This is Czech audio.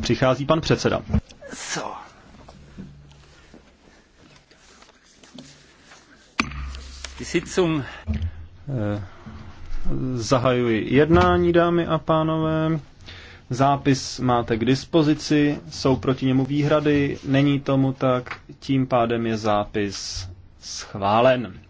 Přichází pan předseda. So. Eh, zahajuji jednání, dámy a pánové. Zápis máte k dispozici, jsou proti němu výhrady, není tomu tak, tím pádem je zápis schválen.